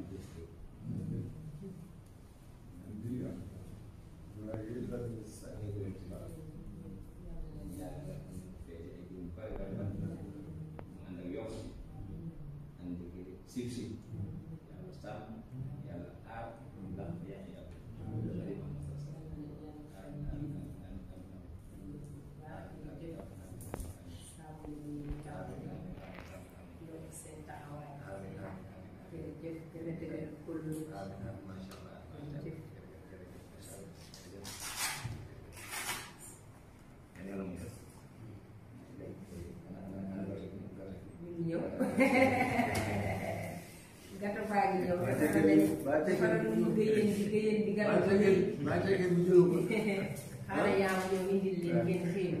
district. Sip, sip. dëgër góorlu ñëw gàttal baa ngi ñëw dafa nekk dafa nekk géyeen bi géyeen bi gàttal bi xaaral yaa ngi ñëw indil leen ngeen xéew